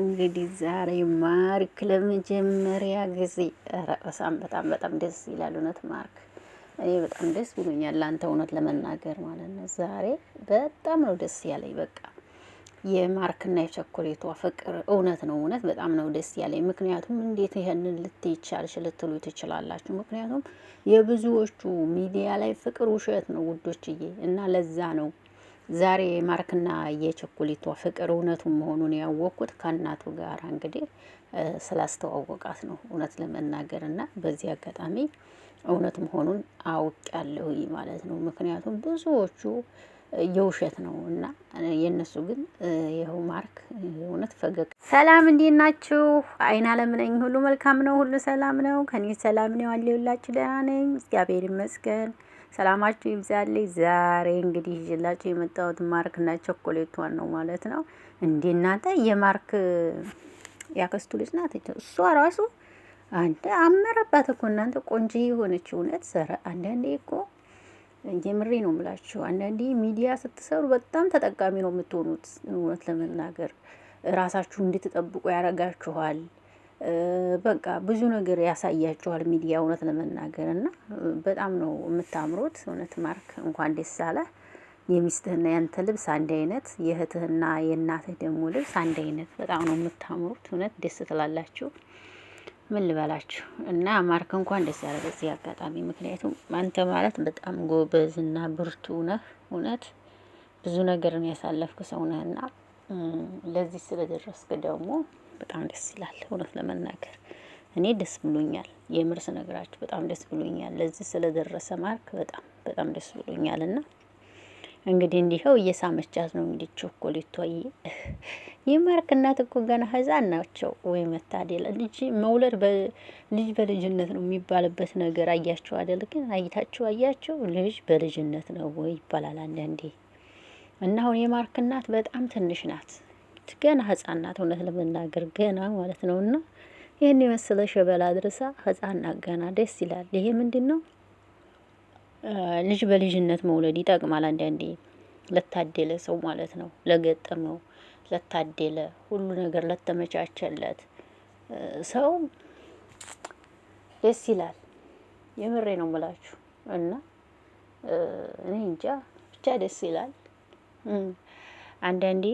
እንግዲህ ዛሬ ማርክ ለመጀመሪያ ጊዜ ረሳም በጣም በጣም ደስ ይላል። እውነት ማርክ እኔ በጣም ደስ ብሎኛል ለአንተ እውነት ለመናገር ማለት ነው። ዛሬ በጣም ነው ደስ ያለኝ። በቃ የማርክና የቸኮሌቷ ፍቅር እውነት ነው እውነት በጣም ነው ደስ ያለኝ። ምክንያቱም እንዴት ይህንን ልትይቻልሽ ልትሉ ትችላላችሁ። ምክንያቱም የብዙዎቹ ሚዲያ ላይ ፍቅር ውሸት ነው ውዶችዬ፣ እና ለዛ ነው ዛሬ የማርክና የቸኮሊቷ ፍቅር እውነቱ መሆኑን ያወቅኩት ከእናቱ ጋር እንግዲህ ስላስተዋወቃት ነው። እውነት ለመናገር እና በዚህ አጋጣሚ እውነት መሆኑን ያለሁ ማለት ነው። ምክንያቱም ብዙዎቹ የውሸት ነው እና የእነሱ ግን ይኸው ማርክ እውነት ፈገግ። ሰላም እንዴት ናችሁ? አይን አለም ነኝ። ሁሉ መልካም ነው፣ ሁሉ ሰላም ነው። ከኔ ሰላም ነው አለሁላችሁ። ደህና ነኝ፣ እግዚአብሔር ይመስገን። ሰላማችሁ ይብዛልኝ። ዛሬ እንግዲህ ይዤላችሁ የመጣሁት ማርክ እና ቸኮሌቷን ነው ማለት ነው። እንዴ እናንተ የማርክ ያክስቱ ልጅ ናት እሷ ራሱ አንተ አመረባት እኮ እናንተ ቆንጆ የሆነች እውነት ሰረ አንዳንዴ እኮ የምሬ ነው የምላችሁ። አንዳንዴ ሚዲያ ስትሰሩ በጣም ተጠቃሚ ነው የምትሆኑት። እውነት ለመናገር ራሳችሁ እንድትጠብቁ ያደርጋችኋል። በቃ ብዙ ነገር ያሳያችኋል ሚዲያ እውነት ለመናገር እና በጣም ነው የምታምሩት። እውነት ማርክ እንኳን ደስ አለ። የሚስትህና ያንተ ልብስ አንድ አይነት፣ የእህትህና የእናትህ ደግሞ ልብስ አንድ አይነት። በጣም ነው የምታምሩት። እውነት ደስ ትላላችሁ። ምን ልበላችሁ እና ማርክ እንኳን ደስ ያለ በዚህ አጋጣሚ። ምክንያቱም አንተ ማለት በጣም ጎበዝ ጎበዝና ብርቱ ነህ። እውነት ብዙ ነገርን ያሳለፍክ ሰው ነህና ለዚህ ስለደረስክ ደግሞ በጣም ደስ ይላል። እውነት ለመናገር እኔ ደስ ብሎኛል። የምር ስነግራችሁ በጣም ደስ ብሎኛል። ለዚህ ስለደረሰ ማርክ በጣም በጣም ደስ ብሎኛል። እና እንግዲህ እንዲኸው እየሳመቻት ነው እንግዲህ ቾኮሌቷ። የማርክ እናት እኮ ገና ህፃን ናቸው ወይ መታደል። ልጅ መውለድ ልጅ በልጅነት ነው የሚባልበት ነገር አያቸው አደል? ግን አይታቸው አያቸው ልጅ በልጅነት ነው ወይ ይባላል አንዳንዴ። እና አሁን የማርክ እናት በጣም ትንሽ ናት። ናት። ገና ህጻን ናት። እውነት ለመናገር ገና ማለት ነው እና ይህን የመሰለ ሸበላ ድርሳ ህጻን ናት ገና። ደስ ይላል። ይሄ ምንድን ነው? ልጅ በልጅነት መውለድ ይጠቅማል። አንዳንዴ ለታደለ ሰው ማለት ነው፣ ለገጠመው ለታደለ ሁሉ ነገር ለተመቻቸለት ሰው ደስ ይላል። የምሬ ነው የምላችሁ እና እኔ እንጃ ብቻ ደስ ይላል። አንዳንዴ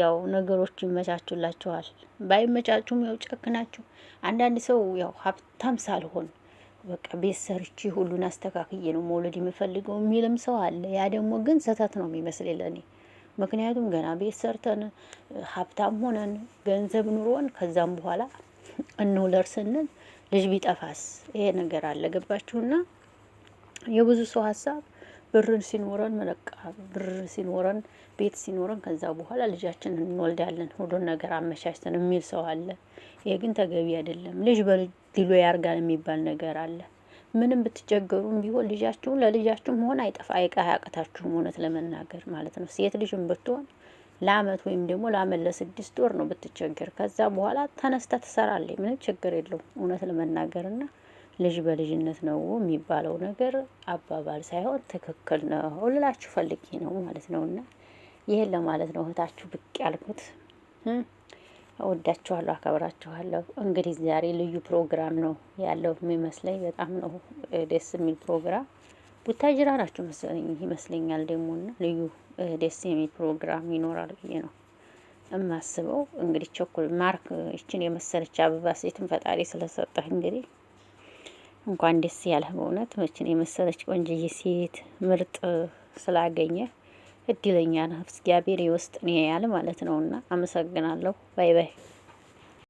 ያው ነገሮች ይመቻቹላችኋል ባይመቻቹም ያው ጨክናችሁ አንዳንድ ሰው ያው ሀብታም ሳልሆን በቃ ቤት ሰርቼ ሁሉን አስተካክዬ ነው መውለድ የምፈልገው የሚልም ሰው አለ። ያ ደግሞ ግን ስህተት ነው የሚመስለኝ ለእኔ። ምክንያቱም ገና ቤት ሰርተን ሀብታም ሆነን ገንዘብ ኑሮን ከዛም በኋላ እንውለር ስንል ልጅ ቢጠፋስ ይሄ ነገር አለ። ገባችሁና የብዙ ሰው ሀሳብ ብርን ሲኖረን መለቃ ብር ሲኖረን ቤት ሲኖረን ከዛ በኋላ ልጃችን እንወልዳለን ሁሉን ነገር አመቻችተን የሚል ሰው አለ። ይሄ ግን ተገቢ አይደለም። ልጅ በድሎ ያርጋል የሚባል ነገር አለ። ምንም ብትቸገሩም ቢሆን ልጃችሁን ለልጃችሁም ሆን አይጠፋ አያቅታችሁም፣ እውነት ለመናገር ማለት ነው። ሴት ልጅም ብትሆን ለአመት ወይም ደግሞ ለአመት ለስድስት ወር ነው ብትቸገር፣ ከዛ በኋላ ተነስተ ትሰራለች። ምንም ችግር የለውም እውነት ለመናገር ና ልጅ በልጅነት ነው የሚባለው ነገር አባባል ሳይሆን ትክክል ነው ልላችሁ ፈልጌ ነው ማለት ነው። እና ይህን ለማለት ነው እህታችሁ ብቅ ያልኩት። ወዳችኋለሁ፣ አከብራችኋለሁ። እንግዲህ ዛሬ ልዩ ፕሮግራም ነው ያለው የሚመስለኝ። በጣም ነው ደስ የሚል ፕሮግራም። ቡታጅራ ናቸው መሰለኝ ይመስለኛል ደግሞ እና ልዩ ደስ የሚል ፕሮግራም ይኖራል ብዬ ነው እማስበው። እንግዲህ ቸኩል ማርክ ይችን የመሰለች አበባ ሴትን ፈጣሪ ስለሰጠህ እንግዲህ እንኳን ደስ ያለህ። በእውነት መችን የመሰለች ቆንጅዬ ሴት ምርጥ ስላገኘ እድለኛ ነህ። እግዚአብሔር ይወስጥ ያለ ማለት ነውና፣ አመሰግናለሁ። ባይ ባይ።